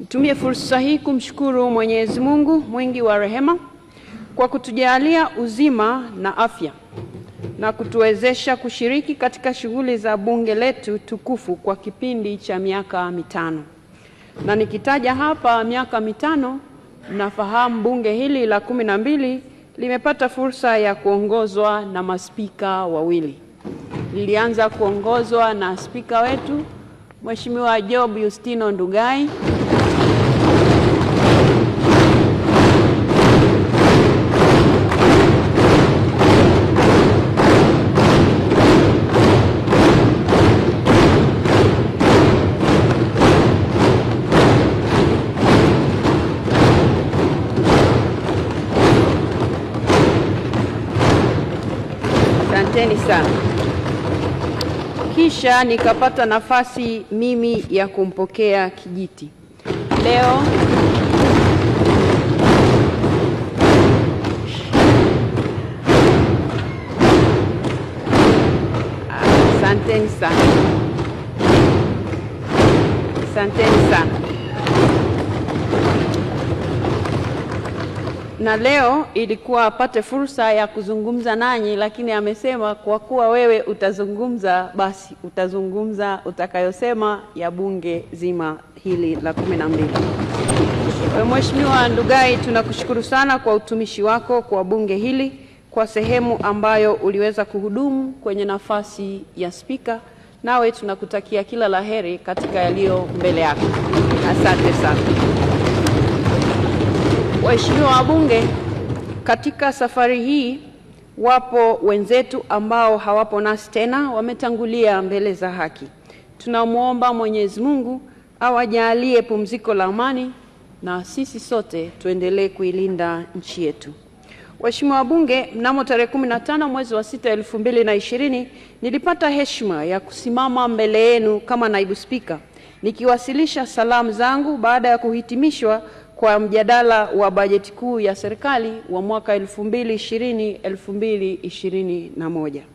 Nitumie fursa hii kumshukuru Mwenyezi Mungu mwingi wa rehema kwa kutujalia uzima na afya na kutuwezesha kushiriki katika shughuli za bunge letu tukufu kwa kipindi cha miaka mitano. Na nikitaja hapa miaka mitano, nafahamu bunge hili la kumi na mbili limepata fursa ya kuongozwa na maspika wawili. Lilianza kuongozwa na spika wetu Mheshimiwa Job Yustino Ndugai asanteni sana. Kisha nikapata nafasi mimi ya kumpokea kijiti leo Asanteni sana. Asanteni sana. na leo ilikuwa apate fursa ya kuzungumza nanyi, lakini amesema kwa kuwa wewe utazungumza, basi utazungumza utakayosema ya bunge zima hili la kumi na mbili. Mheshimiwa Ndugai, tunakushukuru sana kwa utumishi wako kwa bunge hili, kwa sehemu ambayo uliweza kuhudumu kwenye nafasi ya spika. Nawe tunakutakia kila laheri katika yaliyo mbele yako. Asante sana. Waheshimiwa wabunge, katika safari hii wapo wenzetu ambao hawapo nasi tena, wametangulia mbele za haki. Tunamwomba Mwenyezi Mungu awajalie pumziko la amani na sisi sote tuendelee kuilinda nchi yetu. Waheshimiwa wabunge, mnamo tarehe 15 mwezi wa sita elfu mbili na ishirini nilipata heshima ya kusimama mbele yenu kama naibu spika nikiwasilisha salamu zangu baada ya kuhitimishwa kwa mjadala wa bajeti kuu ya serikali wa mwaka 2020 2021.